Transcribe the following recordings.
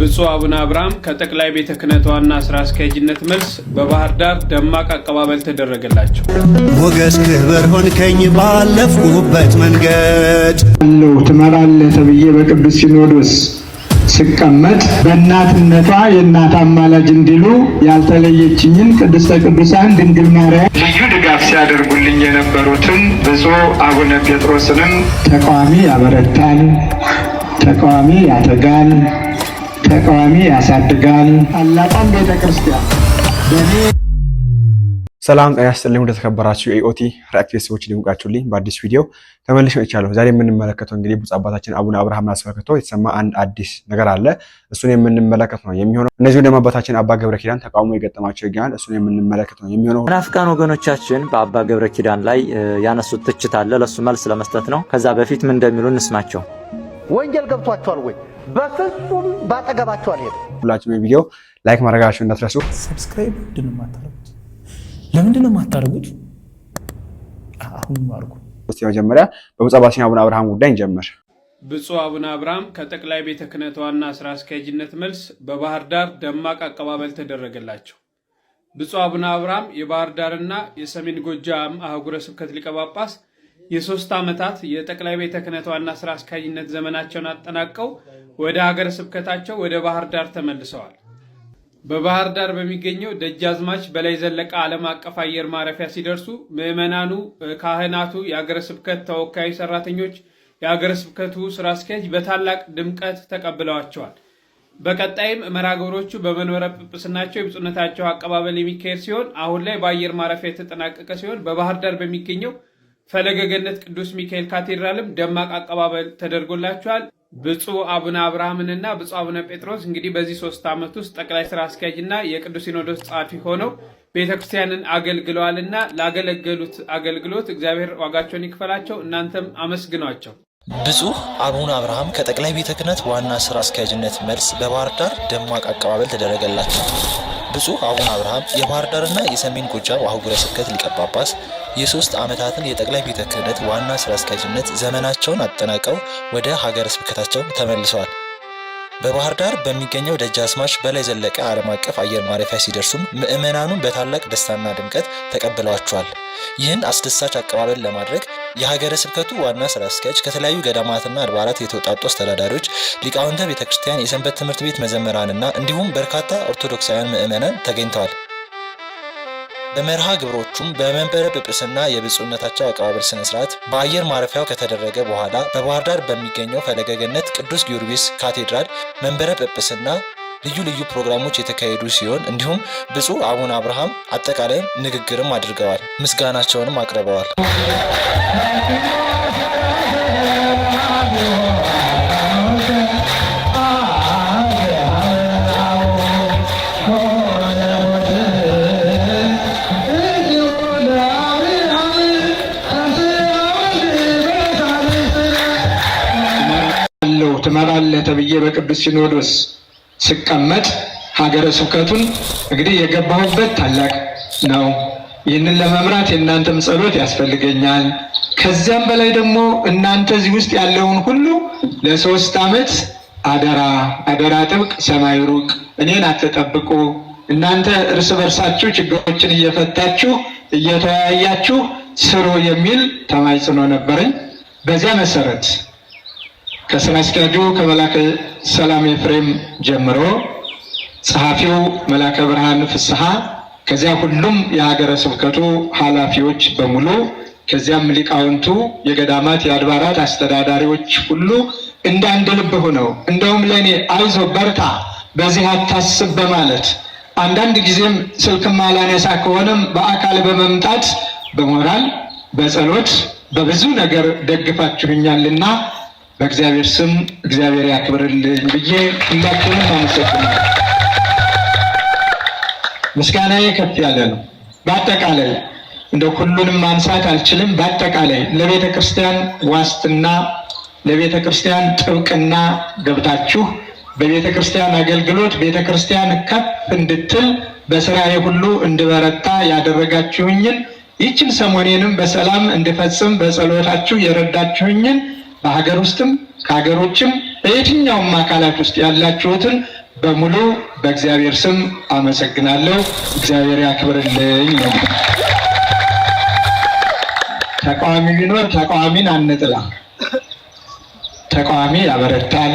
ብፁዕ አቡነ አብርሃም ከጠቅላይ ቤተ ክህነት ዋና ስራ አስኪያጅነት መልስ በባህር ዳር ደማቅ አቀባበል ተደረገላቸው። ሞገስ ክብር ሆንከኝ ባለፍኩበት መንገድ አለው ትመራለህ ተብዬ በቅዱስ ሲኖዶስ ስቀመጥ በእናትነቷ የእናት አማላጅ እንዲሉ ያልተለየችኝን ቅድስተ ቅዱሳን ድንግል ማርያም ልዩ ድጋፍ ሲያደርጉልኝ የነበሩትን ብፁዕ አቡነ ጴጥሮስንም ተቃዋሚ ያበረታል፣ ተቃዋሚ ያተጋል ተቃዋሚ ያሳድጋል። አላጣም ቤተክርስቲያን ሰላም ጤና ይስጥልኝ። እንደተከበራችሁ የኢኦቲ ሪአክት ቤተሰቦች ሊሙቃችሁልኝ በአዲስ ቪዲዮ ተመልሽ መጥቻለሁ። ዛሬ የምንመለከተው እንግዲህ ብፁዕ አባታችን አቡነ አብርሃምን አስመልክቶ የተሰማ አንድ አዲስ ነገር አለ። እሱን የምንመለከት ነው የሚሆነው። እነዚሁ ደግሞ አባታችን አባ ገብረ ኪዳን ተቃውሞ የገጠማቸው ይገኛል። እሱን የምንመለከት ነው የሚሆነው። መናፍቃን ወገኖቻችን በአባ ገብረ ኪዳን ላይ ያነሱት ትችት አለ። ለእሱ መልስ ለመስጠት ነው። ከዛ በፊት ምን እንደሚሉ እንስማቸው። ወንጀል ገብቷቸዋል ወይ በፍጹም ባጠገባቸው አልሄድም። ሁላችሁም የቪዲዮ ላይክ ማድረጋችሁ እንዳትረሱ። ሰብስክራይብ ምንድን ነው የማታደርጉት? ለምንድን ነው የማታደርጉት? አሁን አድርጉ። እስቲ መጀመሪያ በብፁዕ አቡነ አብርሃም ጉዳይ እንጀምር። ብፁዕ አቡነ አብርሃም ከጠቅላይ ቤተ ክህነት ዋና ስራ አስኪያጅነት መልስ በባህር ዳር ደማቅ አቀባበል ተደረገላቸው። ብፁዕ አቡነ አብርሃም የባህር ዳርና የሰሜን ጎጃም አህጉረ ስብከት ሊቀ ጳጳስ የሶስት ዓመታት የጠቅላይ ቤተ ክህነት ዋና ስራ አስኪያጅነት ዘመናቸውን አጠናቀው ወደ ሀገረ ስብከታቸው ወደ ባህር ዳር ተመልሰዋል። በባህር ዳር በሚገኘው ደጃዝማች በላይ ዘለቀ ዓለም አቀፍ አየር ማረፊያ ሲደርሱ ምዕመናኑ፣ ካህናቱ፣ የሀገረ ስብከት ተወካዩ ሰራተኞች፣ የአገረ ስብከቱ ስራ አስኪያጅ በታላቅ ድምቀት ተቀብለዋቸዋል። በቀጣይም መራገሮቹ ግብሮቹ በመንበረ ጵጵስናቸው የብፁዕነታቸው አቀባበል የሚካሄድ ሲሆን አሁን ላይ በአየር ማረፊያ የተጠናቀቀ ሲሆን በባህር ዳር በሚገኘው ፈለገ ገነት ቅዱስ ሚካኤል ካቴድራልም ደማቅ አቀባበል ተደርጎላቸዋል። ብፁዕ አቡነ አብርሃምንና ብፁዕ አቡነ ጴጥሮስ እንግዲህ በዚህ ሶስት ዓመት ውስጥ ጠቅላይ ስራ አስኪያጅና የቅዱስ ሲኖዶስ ጸሐፊ ሆነው ቤተክርስቲያንን አገልግለዋልና ላገለገሉት አገልግሎት እግዚአብሔር ዋጋቸውን ይክፈላቸው። እናንተም አመስግኗቸው። ብፁዕ አቡነ አብርሃም ከጠቅላይ ቤተ ክህነት ዋና ስራ አስኪያጅነት መልስ በባህር ዳር ደማቅ አቀባበል ተደረገላቸው። ብፁዕ አቡነ አብርሃም የባህር ዳርና የሰሜን ጎጃም አህጉረ ስብከት ሊቀ ጳጳስ የሶስት ዓመታትን የጠቅላይ ቤተ ክህነት ዋና ስራ አስኪያጅነት ዘመናቸውን አጠናቀው ወደ ሀገረ ስብከታቸው ተመልሰዋል። በባህር ዳር በሚገኘው ደጃዝማች በላይ ዘለቀ ዓለም አቀፍ አየር ማረፊያ ሲደርሱም ምዕመናኑን በታላቅ ደስታና ድምቀት ተቀብለዋቸዋል። ይህን አስደሳች አቀባበል ለማድረግ የሀገረ ስብከቱ ዋና ስራ አስኪያጅ ከተለያዩ ገዳማትና አድባራት የተውጣጡ አስተዳዳሪዎች፣ ሊቃውንተ ቤተ ክርስቲያን፣ የሰንበት ትምህርት ቤት መዘመራንና እንዲሁም በርካታ ኦርቶዶክሳውያን ምዕመናን ተገኝተዋል። በመርሃ ግብሮቹም በመንበረ ጵጵስና የብፁዕነታቸው አቀባበል ስነ ስርዓት በአየር ማረፊያው ከተደረገ በኋላ በባህር ዳር በሚገኘው ፈለገ ገነት ቅዱስ ጊዮርጊስ ካቴድራል መንበረ ጵጵስና ልዩ ልዩ ፕሮግራሞች የተካሄዱ ሲሆን እንዲሁም ብፁዕ አቡነ አብርሃም አጠቃላይ ንግግርም አድርገዋል። ምስጋናቸውንም አቅርበዋል። ተብዬ በቅዱስ ሲኖዶስ ስቀመጥ ሀገረ ስብከቱን እንግዲህ የገባሁበት ታላቅ ነው። ይህንን ለመምራት የእናንተም ጸሎት ያስፈልገኛል። ከዚያም በላይ ደግሞ እናንተ እዚህ ውስጥ ያለውን ሁሉ ለሶስት ዓመት አደራ አደራ ጥብቅ ሰማይ ሩቅ እኔን አትጠብቁ። እናንተ እርስ በርሳችሁ ችግሮችን እየፈታችሁ እየተወያያችሁ ስሩ የሚል ተማጽኖ ነበረኝ። በዚያ መሰረት ከስነ አስኪያጁ ከመላከ ሰላም ኤፍሬም ጀምሮ ጸሐፊው መላከ ብርሃን ፍስሐ ከዚያ ሁሉም የሀገረ ስብከቱ ኃላፊዎች በሙሉ ከዚያም ሊቃውንቱ፣ የገዳማት፣ የአድባራት አስተዳዳሪዎች ሁሉ እንዳንድ ልብ ሆነው እንደውም ለእኔ አይዞ በርታ፣ በዚህ አታስብ በማለት አንዳንድ ጊዜም ስልክም አላነሳ ከሆነም በአካል በመምጣት በሞራል በጸሎት በብዙ ነገር ደግፋችሁኛልና በእግዚአብሔር ስም እግዚአብሔር ያክብርልኝ ብዬ ሁላችሁንም አመሰግናለሁ። ምስጋናዬ ከፍ ያለ ነው። በአጠቃላይ እንደ ሁሉንም ማንሳት አልችልም። በአጠቃላይ ለቤተ ክርስቲያን ዋስትና፣ ለቤተ ክርስቲያን ጥብቅና ገብታችሁ በቤተ ክርስቲያን አገልግሎት ቤተ ክርስቲያን ከፍ እንድትል በስራዬ ሁሉ እንድበረታ ያደረጋችሁኝን ይችን ሰሞኔንም በሰላም እንድፈጽም በጸሎታችሁ የረዳችሁኝን በሀገር ውስጥም ከሀገሮችም በየትኛውም አካላት ውስጥ ያላችሁትን በሙሉ በእግዚአብሔር ስም አመሰግናለሁ። እግዚአብሔር ያክብርልኝ ነው። ተቃዋሚ ቢኖር ተቃዋሚን አንጥላ። ተቃዋሚ ያበረታል፣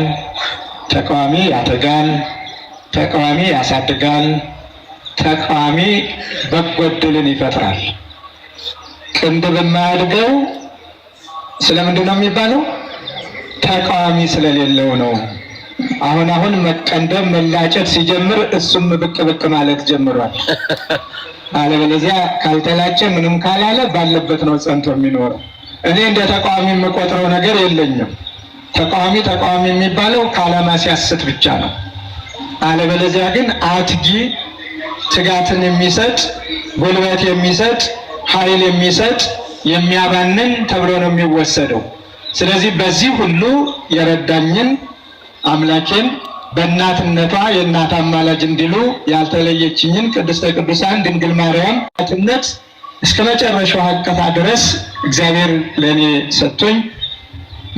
ተቃዋሚ ያተጋል፣ ተቃዋሚ ያሳድጋል፣ ተቃዋሚ በጎ እድልን ይፈጥራል። ቅንድብ የማያድገው ስለምንድን ነው የሚባለው? ተቃዋሚ ስለሌለው ነው። አሁን አሁን መቀንደብ መላጨት ሲጀምር እሱም ብቅ ብቅ ማለት ጀምሯል። አለበለዚያ ካልተላጨ ምንም ካላለ ባለበት ነው ጸንቶ የሚኖረው። እኔ እንደ ተቃዋሚ የምቆጥረው ነገር የለኝም። ተቃዋሚ ተቃዋሚ የሚባለው ከዓላማ ሲያስት ብቻ ነው። አለበለዚያ ግን አትጊ ትጋትን የሚሰጥ ጉልበት የሚሰጥ ኃይል የሚሰጥ የሚያባንን ተብሎ ነው የሚወሰደው። ስለዚህ በዚህ ሁሉ የረዳኝን አምላኬን በእናትነቷ የእናት አማላጅ እንዲሉ ያልተለየችኝን ቅድስተ ቅዱሳን ድንግል ማርያም እናትነት እስከ መጨረሻው ሀቀፋ ድረስ እግዚአብሔር ለእኔ ሰጥቶኝ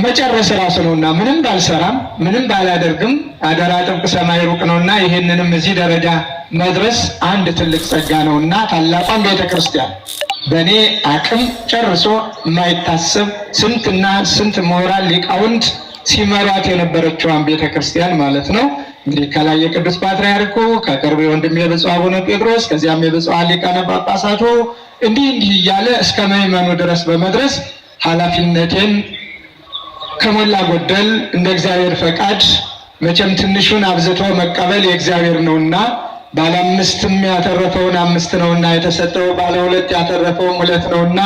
መጨረስ ራሱ ነውና ምንም ባልሰራም ምንም ባላደርግም አደራ ጥብቅ ሰማይ ሩቅ ነውና ይህንንም እዚህ ደረጃ መድረስ አንድ ትልቅ ጸጋ ነውና ታላቋን ቤተክርስቲያን በእኔ አቅም ጨርሶ የማይታሰብ ስንትና ስንት ምሁራን ሊቃውንት ሲመሯት የነበረችዋን ቤተ ክርስቲያን ማለት ነው። እንግዲህ ከላይ የቅዱስ ፓትርያርኩ ከቅርብ የወንድም የብፁዕ አቡነ ጴጥሮስ ከዚያም የብፁዓን ሊቃነ ጳጳሳቱ እንዲህ እንዲህ እያለ እስከ ምዕመኑ ድረስ በመድረስ ኃላፊነቴን ከሞላ ጎደል እንደ እግዚአብሔር ፈቃድ መቼም ትንሹን አብዝቶ መቀበል የእግዚአብሔር ነውና ባለ አምስትም ያተረፈውን አምስት ነውና የተሰጠው ባለ ሁለት ያተረፈውም ሁለት ነውና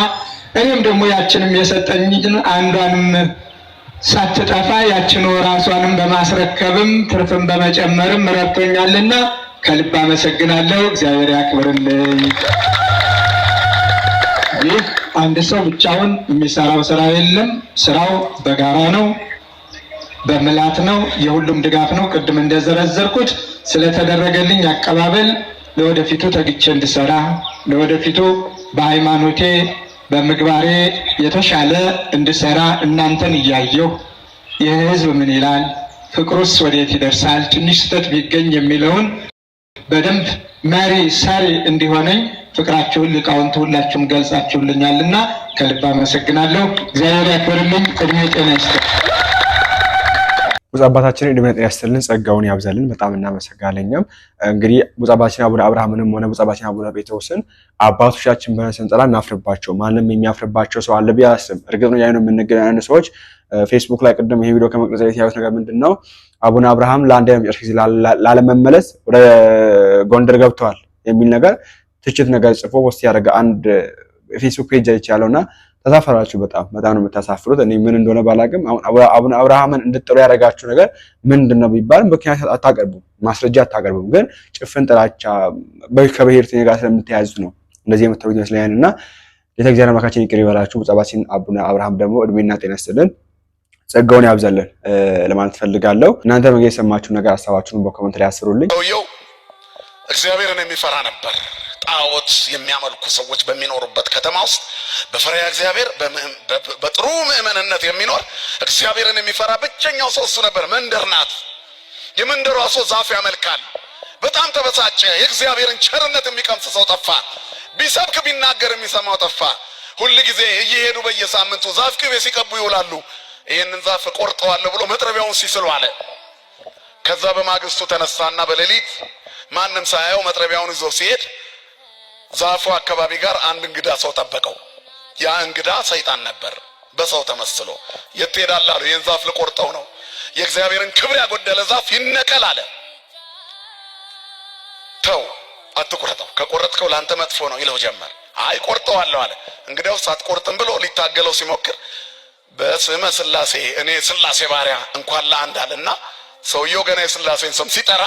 እኔም ደግሞ ያችንም የሰጠኝን አንዷንም ሳትጠፋ ያችን ራሷንም በማስረከብም ትርፍን በመጨመርም ረድቶኛልና ከልብ አመሰግናለሁ። እግዚአብሔር ያክብርልኝ። ይህ አንድ ሰው ብቻውን የሚሰራው ስራ የለም። ስራው በጋራ ነው፣ በምላት ነው፣ የሁሉም ድጋፍ ነው። ቅድም እንደዘረዘርኩት ስለተደረገልኝ አቀባበል ለወደፊቱ ተግቼ እንድሰራ ለወደፊቱ በሃይማኖቴ በምግባሬ የተሻለ እንድሰራ እናንተን እያየሁ ይህ ህዝብ ምን ይላል፣ ፍቅሩስ ወዴት ይደርሳል፣ ትንሽ ስህተት ቢገኝ የሚለውን በደንብ መሪ ሰሪ እንዲሆነኝ ፍቅራችሁን ሊቃውንት ሁላችሁም ገልጻችሁልኛልና ከልብ አመሰግናለሁ። እግዚአብሔር ያክብርልኝ። እድሜ ጤና ይስጥ። ብፁዕ አባታችን እድሜ ጤና ይስጥልን፣ ጸጋውን ያብዛልን። በጣም እናመሰግናለን። እኛም እንግዲህ ብፁዕ አባታችን አቡነ አብርሃምንም ሆነ ብፁዕ አባታችን አቡነ ጴጥሮስን አባቶቻችን ብለን ስንጠላ እናፍርባቸው። ማንም የሚያፍርባቸው ሰው አለ ብዬ አላስብም። እርግጥ ነው ያይነው የምንገናኙ ሰዎች ፌስቡክ ላይ ቅድም ይሄ ቪዲዮ ከመቅረጽ ላይ ያዩት ነገር ምንድን ነው? አቡነ አብርሃም ለአንድ የመጨረሻ ጊዜ ላለመመለስ ወደ ጎንደር ገብተዋል የሚል ነገር ትችት ነገር ጽፎ ወስ ያደረገ አንድ ፌስቡክ ፔጅ አይቻለውና ተሳፈራችሁ። በጣም በጣም ነው የምታሳፍሩት። እኔ ምን እንደሆነ ባላቅም አሁን አቡነ አብርሃምን እንድትጠሉ ያደረጋችሁ ነገር ምንድን ነው ቢባል ምክንያት አታቀርቡም፣ ማስረጃ አታቀርቡም። ግን ጭፍን ጥላቻ ከብሔርተኛ ጋር ስለምትያዙት ነው እንደዚህ የምታሉት ይመስለኛል። እና ጌታ እግዚአብሔር አምላካችን ይቅር ይበላችሁ። ብፁዓባሲን አቡነ አብርሃም ደግሞ እድሜና ጤና ይስጥልን ጸጋውን ያብዛልን ለማለት ፈልጋለሁ። እናንተ መገ የሰማችሁ ነገር ሀሳባችሁን በኮመንት ላይ አስሩልኝ። እግዚአብሔርን የሚፈራ ነበር። ጣዖት የሚያመልኩ ሰዎች በሚኖሩበት ከተማ ውስጥ በፈሪሃ እግዚአብሔር በጥሩ ምእመንነት የሚኖር እግዚአብሔርን የሚፈራ ብቸኛው ሰው እሱ ነበር። መንደር ናት። የመንደሯ ሰው ዛፍ ያመልካል። በጣም ተበሳጨ። የእግዚአብሔርን ቸርነት የሚቀምስ ሰው ጠፋ። ቢሰብክ ቢናገር የሚሰማው ጠፋ። ሁል ጊዜ እየሄዱ በየሳምንቱ ዛፍ ቅቤ ሲቀቡ ይውላሉ። ይህንን ዛፍ ቆርጠዋለሁ ብሎ መጥረቢያውን ሲስሉ አለ። ከዛ በማግስቱ ተነሳና በሌሊት ማንም ሳያየው መጥረቢያውን ይዞ ሲሄድ ዛፉ አካባቢ ጋር አንድ እንግዳ ሰው ጠበቀው። ያ እንግዳ ሰይጣን ነበር በሰው ተመስሎ። የት ትሄዳለህ አለው። ይህን ዛፍ ልቆርጠው ነው። የእግዚአብሔርን ክብር ያጎደለ ዛፍ ይነቀል አለ። ተው አትቁረጠው፣ ከቆረጥከው ለአንተ መጥፎ ነው ይለው ጀመር። አይ ቆርጠዋለሁ አለ። እንግዲያውስ አትቆርጥም ብሎ ሊታገለው ሲሞክር በስመ ስላሴ እኔ ስላሴ ባሪያ እንኳን ለአንድ አለና ሰውየው ገና የስላሴን ስም ሲጠራ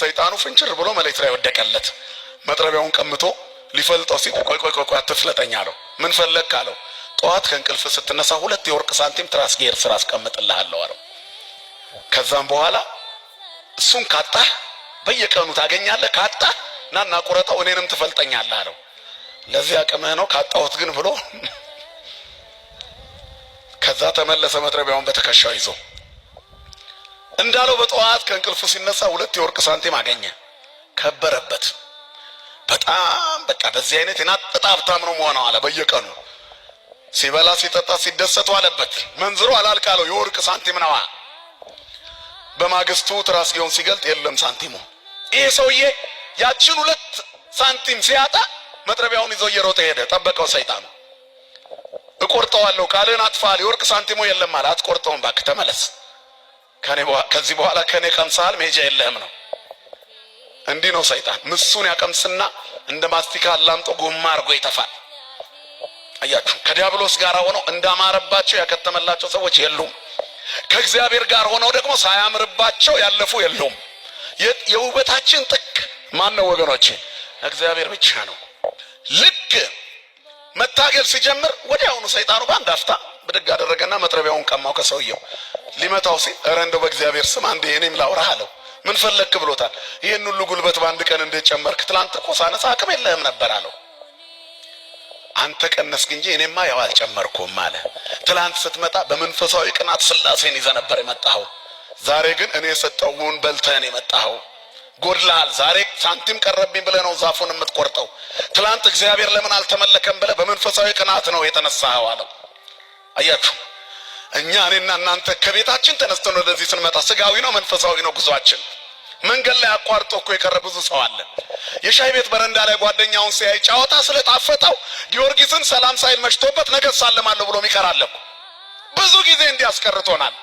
ሰይጣኑ ፍንችር ብሎ መሬት ላይ ወደቀለት። መጥረቢያውን ቀምቶ ሊፈልጠው ሲል ቆይ ቆይ ቆይ አትፍለጠኝ አለው። ምን ፈለግክ አለው። ጠዋት ከእንቅልፍ ስትነሳ ሁለት የወርቅ ሳንቲም ትራስጌር ስራ አስቀምጥልሃለሁ አለው። ከዛም በኋላ እሱን ካጣህ በየቀኑ ታገኛለህ፣ ካጣህ ናና ቁረጠው እኔንም ትፈልጠኛለህ አለው። ለዚህ አቅምህ ነው ካጣሁት ግን ብሎ ከዛ ተመለሰ መጥረቢያውን በትከሻው ይዞ እንዳለው በጠዋት ከእንቅልፉ ሲነሳ ሁለት የወርቅ ሳንቲም አገኘ። ከበረበት በጣም በቃ በዚህ አይነት የናጠጣ ሀብታም ነው መሆነው አለ። በየቀኑ ሲበላ ሲጠጣ ሲደሰቱ አለበት። መንዝሮ አላልቃለው የወርቅ ሳንቲም ነዋ። በማግስቱ ትራስጌውን ሲገልጥ የለም ሳንቲሙ። ይህ ሰውዬ ያችን ሁለት ሳንቲም ሲያጣ መጥረቢያውን ይዞ እየሮጠ ሄደ። ጠበቀው ሰይጣኑ። እቆርጠዋለሁ፣ ቃልህን አጥፋል፣ የወርቅ ሳንቲሞ የለም አለ። አትቆርጠውም እባክህ ተመለስ ከዚህ በኋላ ከኔ ቀምሰሃል መሄጃ የለህም ነው። እንዲህ ነው ሰይጣን። ምሱን ያቀምስና እንደ ማስቲካ አላምጦ ጎማ አድርጎ ይተፋል። አያችሁ፣ ከዲያብሎስ ጋር ሆነው እንዳማረባቸው ያከተመላቸው ሰዎች የሉም። ከእግዚአብሔር ጋር ሆነው ደግሞ ሳያምርባቸው ያለፉ የሉም። የውበታችን ጥቅ ማን ነው ወገኖቼ? እግዚአብሔር ብቻ ነው። ልክ መታገል ሲጀምር ወዲያውኑ ሰይጣኑ በአንድ አፍታ ብድግ አደረገና መጥረቢያውን ቀማው ከሰውየው። ሊመታው ሲል እረ እንደው በእግዚአብሔር ስም አንዴ እኔም ላውራህ አለው። ምን ፈለግክ ብሎታል። ይህን ሁሉ ጉልበት በአንድ ቀን እንዴት ጨመርክ? ትላንት እኮ ሳነሳ አቅም የለህም ነበር አለው። አንተ ቀነስክ እንጂ እኔማ ያው አልጨመርኩም አለ። ትላንት ስትመጣ በመንፈሳዊ ቅናት ስላሴን ይዘ ነበር የመጣኸው። ዛሬ ግን እኔ የሰጠውን በልተን የመጣኸው ጎድላል። ዛሬ ሳንቲም ቀረብኝ ብለህ ነው ዛፉን የምትቆርጠው። ትላንት እግዚአብሔር ለምን አልተመለከም ብለህ በመንፈሳዊ ቅናት ነው የተነሳኸው አለው። አያችሁ እኛ እኔና እናንተ ከቤታችን ተነስተን ወደዚህ ስንመጣ ስጋዊ ነው መንፈሳዊ ነው ጉዟችን። መንገድ ላይ አቋርጦ እኮ የቀረ ብዙ ሰው አለ። የሻይ ቤት በረንዳ ላይ ጓደኛውን ሲያይ ጨዋታ ስለጣፈጠው ጊዮርጊስን ሰላም ሳይል መሽቶበት ነገ ሳለማለሁ ብሎ ይቀራል እኮ። ብዙ ጊዜ እንዲያስቀርቶናል።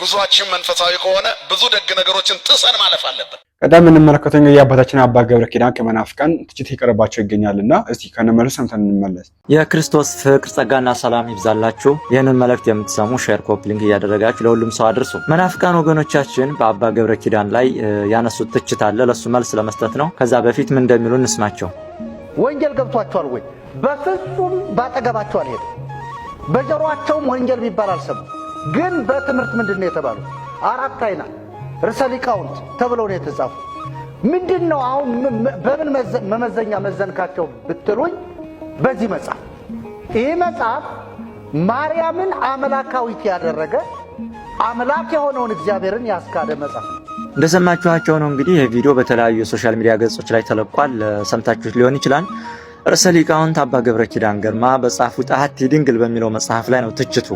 ጉዟችን መንፈሳዊ ከሆነ ብዙ ደግ ነገሮችን ጥሰን ማለፍ አለብን። ቀዳም የምንመለከተው እንግዲህ አባታችን አባ ገብረ ኪዳን ከመናፍቃን ትችት ይቀርባቸው ይገኛልና እስቲ ከነመልሱ ሰምተን እንመለስ። የክርስቶስ ፍቅር ጸጋና ሰላም ይብዛላችሁ። ይህንን መልእክት የምትሰሙ ሼር፣ ኮፒ ሊንክ እያደረጋችሁ ለሁሉም ሰው አድርሱ። መናፍቃን ወገኖቻችን በአባ ገብረ ኪዳን ላይ ያነሱት ትችት አለ። ለእሱ መልስ ለመስጠት ነው። ከዛ በፊት ምን እንደሚሉ እንስማቸው። ወንጀል ገብቷቸዋል ወይ? በፍጹም ባጠገባቸው አልሄድም። በጀሯቸውም ወንጀል ቢባል አልሰሙ ግን በትምህርት ምንድን ነው የተባሉት? አራት አይና ርዕሰ ሊቃውንት ተብለው ነው የተጻፉ። ምንድን ነው አሁን በምን መመዘኛ መዘንካቸው ብትሉኝ፣ በዚህ መጽሐፍ ይህ መጽሐፍ ማርያምን አምላካዊት ያደረገ አምላክ የሆነውን እግዚአብሔርን ያስካደ መጽሐፍ ነው። እንደሰማችኋቸው ነው እንግዲህ ይህ ቪዲዮ በተለያዩ የሶሻል ሚዲያ ገጾች ላይ ተለቋል። ሰምታችሁት ሊሆን ይችላል። ርዕሰ ሊቃውንት አባ ገብረ ኪዳን ግርማ በጻፉ ጣሀት ድንግል በሚለው መጽሐፍ ላይ ነው ትችቱ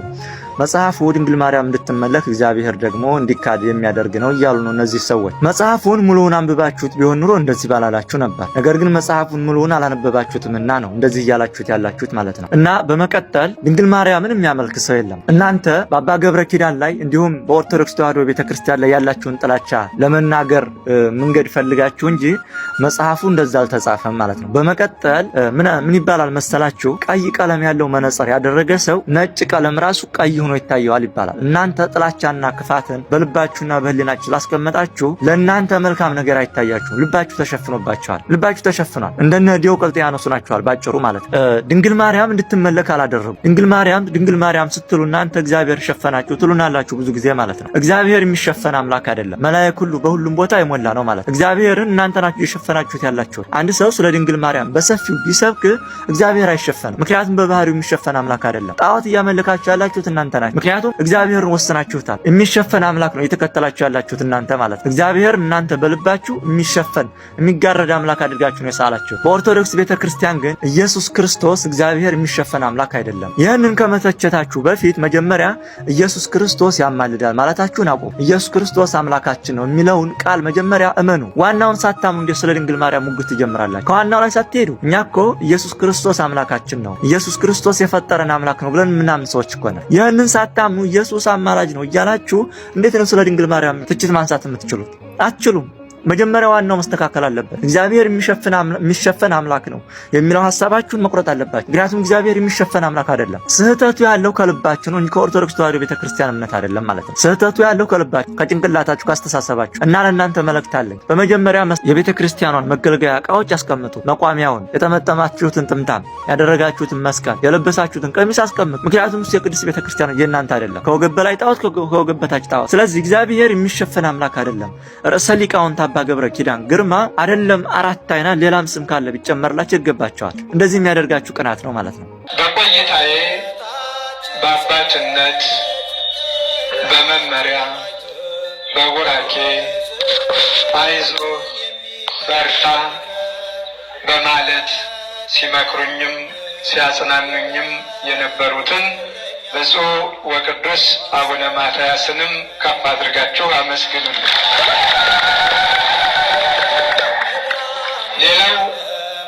መጽሐፉ ድንግል ማርያም እንድትመለክ እግዚአብሔር ደግሞ እንዲካድ የሚያደርግ ነው እያሉ ነው እነዚህ ሰዎች። መጽሐፉን ሙሉውን አንብባችሁት ቢሆን ኑሮ እንደዚህ ባላላችሁ ነበር። ነገር ግን መጽሐፉን ሙሉውን አላነበባችሁትምና ነው እንደዚህ እያላችሁት ያላችሁት ማለት ነው። እና በመቀጠል ድንግል ማርያምን የሚያመልክ ሰው የለም። እናንተ በአባ ገብረ ኪዳን ላይ እንዲሁም በኦርቶዶክስ ተዋሕዶ ቤተክርስቲያን ላይ ያላችሁን ጥላቻ ለመናገር መንገድ ፈልጋችሁ እንጂ መጽሐፉ እንደዛ አልተጻፈም ማለት ነው። በመቀጠል ምን ይባላል መሰላችሁ? ቀይ ቀለም ያለው መነጽር ያደረገ ሰው ነጭ ቀለም ራሱ ቀይ ሆኖ ይታየዋል ይባላል። እናንተ ጥላቻና ክፋትን በልባችሁና በህሊናችሁ ላስቀመጣችሁ ለእናንተ መልካም ነገር አይታያችሁም። ልባችሁ ተሸፍኖባቸዋል። ልባችሁ ተሸፍኗል። እንደነ ዲዮቅልጥያኖስ ናችኋል ባጭሩ ማለት ድንግል ማርያም እንድትመለክ አላደረጉ። ድንግል ማርያም ድንግል ማርያም ስትሉ እናንተ እግዚአብሔር ሸፈናችሁ ትሉናላችሁ ብዙ ጊዜ ማለት ነው። እግዚአብሔር የሚሸፈን አምላክ አይደለም። መላእክ ሁሉ በሁሉም ቦታ የሞላ ነው ማለት እግዚአብሔርን እናንተ ናችሁ የሸፈናችሁት ያላችሁት። አንድ ሰው ስለ ድንግል ማርያም በሰፊው ቢሰብክ እግዚአብሔር አይሸፈንም። ምክንያቱም በባህሪው የሚሸፈን አምላክ አይደለም። ጣዖት እያመለካችሁ ያላችሁት እናንተ ናቸው። ምክንያቱም እግዚአብሔርን ወስናችሁታል። የሚሸፈን አምላክ ነው የተከተላችሁ ያላችሁት እናንተ ማለት ነው። እግዚአብሔር እናንተ በልባችሁ የሚሸፈን የሚጋረድ አምላክ አድርጋችሁ ነው የሳላችሁ። በኦርቶዶክስ ቤተ ክርስቲያን ግን ኢየሱስ ክርስቶስ እግዚአብሔር የሚሸፈን አምላክ አይደለም። ይህንን ከመተቸታችሁ በፊት መጀመሪያ ኢየሱስ ክርስቶስ ያማልዳል ማለታችሁን አቁሙ። ኢየሱስ ክርስቶስ አምላካችን ነው የሚለውን ቃል መጀመሪያ እመኑ። ዋናውን ሳታሙ እንደ ስለ ድንግል ማርያም ሙግት ትጀምራላችሁ ከዋናው ላይ ሳትሄዱ። እኛ እኮ ኢየሱስ ክርስቶስ አምላካችን ነው፣ ኢየሱስ ክርስቶስ የፈጠረን አምላክ ነው ብለን ምናምን ሰዎች እኮ ነን። ይህንን ሳታምኑ ኢየሱስ አማላጅ ነው እያላችሁ እንዴት ነው ስለ ድንግል ማርያም ትችት ማንሳት የምትችሉት? አትችሉም። መጀመሪያ ዋናው መስተካከል አለበት። እግዚአብሔር የሚሸፈን አምላክ ነው የሚለው ሀሳባችሁን መቁረጥ አለባችሁ። ምክንያቱም እግዚአብሔር የሚሸፈን አምላክ አይደለም። ስህተቱ ያለው ከልባችሁ ነው እንጂ ከኦርቶዶክስ ተዋሕዶ ቤተክርስቲያን እምነት አይደለም ማለት ነው። ስህተቱ ያለው ከልባችሁ፣ ከጭንቅላታችሁ፣ ካስተሳሰባችሁ እና ለእናንተ መልእክት አለኝ። በመጀመሪያ የቤተክርስቲያኗን መገልገያ እቃዎች አስቀምጡ። መቋሚያውን፣ የጠመጠማችሁትን ጥምጣም፣ ያደረጋችሁትን መስቀል፣ የለበሳችሁትን ቀሚስ አስቀምጡ። ምክንያቱም እሱ የቅድስት ቤተክርስቲያን የእናንተ አይደለም። ከወገብ በላይ ጣዖት፣ ከወገብ በታች ጣዖት። ስለዚህ እግዚአብሔር የሚሸፈን አምላክ አይደለም። ርዕሰ ሊቃውንት አባ ገብረ ኪዳን ግርማ አደለም አራት አይና ሌላም ስም ካለ ቢጨመርላቸው ይገባቸዋል። እንደዚህ የሚያደርጋችሁ ቅናት ነው ማለት ነው። በቆይታዬ በአባትነት በመመሪያ በቡራኬ አይዞ በርታ በማለት ሲመክሩኝም ሲያጽናኑኝም የነበሩትን ብፁዕ ወቅዱስ አቡነ ማትያስንም ከፍ አድርጋችሁ አመስግኑልኝ።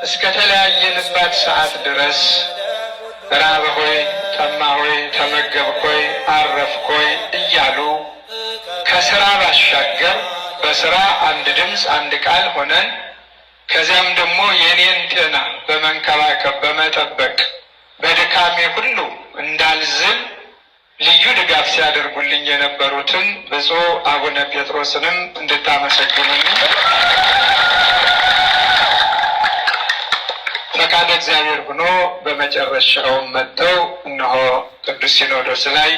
እስከ ተለያየንባት ሰዓት ድረስ ራበ ሆይ፣ ጠማ ሆይ፣ ተመገብ ሆይ፣ አረፍ ሆይ እያሉ ከስራ ባሻገር በስራ አንድ ድምፅ አንድ ቃል ሆነን ከዚያም ደግሞ የእኔን ጤና በመንከባከብ በመጠበቅ በድካሜ ሁሉ እንዳልዝል ልዩ ድጋፍ ሲያደርጉልኝ የነበሩትን ብፁዕ አቡነ ጴጥሮስንም እንድታመሰግኑኝ ፈቃድ እግዚአብሔር ሆኖ በመጨረሻው መጥተው እነሆ ቅዱስ ሲኖዶስ ላይ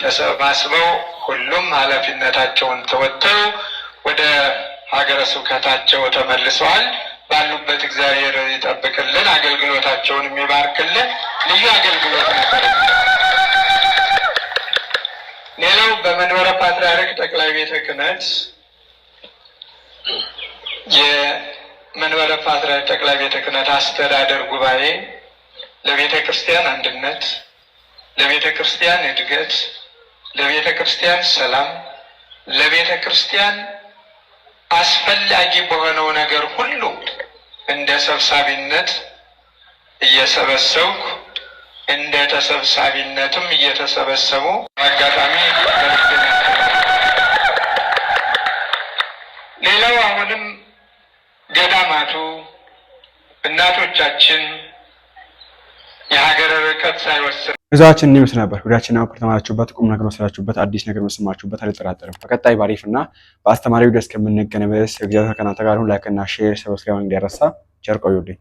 ተሰባስበው ሁሉም ኃላፊነታቸውን ተወጥተው ወደ ሀገረ ስብከታቸው ተመልሰዋል። ባሉበት እግዚአብሔር ይጠብቅልን፣ አገልግሎታቸውን የሚባርክልን ልዩ አገልግሎት ነበር። ሌላው በመንበረ ፓትርያርክ ጠቅላይ ቤተ ክህነት መንበረ ፓትርያርክ ጠቅላይ ቤተ ክህነት አስተዳደር ጉባኤ ለቤተ ክርስቲያን አንድነት፣ ለቤተ ክርስቲያን እድገት፣ ለቤተ ክርስቲያን ሰላም፣ ለቤተ ክርስቲያን አስፈላጊ በሆነው ነገር ሁሉ እንደ ሰብሳቢነት እየሰበሰብኩ እንደ ተሰብሳቢነትም እየተሰበሰቡ አጋጣሚ ሌላው አሁንም ገዳማቱ እናቶቻችን የሀገር ርቀት ሳይወስን እዛችን ይመስል ነበር። ሁዳችን አውክር ከተማራችሁበት ቁም ነገር ወሰዳችሁበት፣ አዲስ ነገር መስማችሁበት አልጠራጠርም። በቀጣይ ባሪፍ እና በአስተማሪ ቪዲዮ እስከምንገናኝ ድረስ እግዚአብሔር ከእናንተ ጋር ይሁን። ላይክና ሼር ሰብስክራይብ እንዲያረሳ ቸር ቆዩልኝ።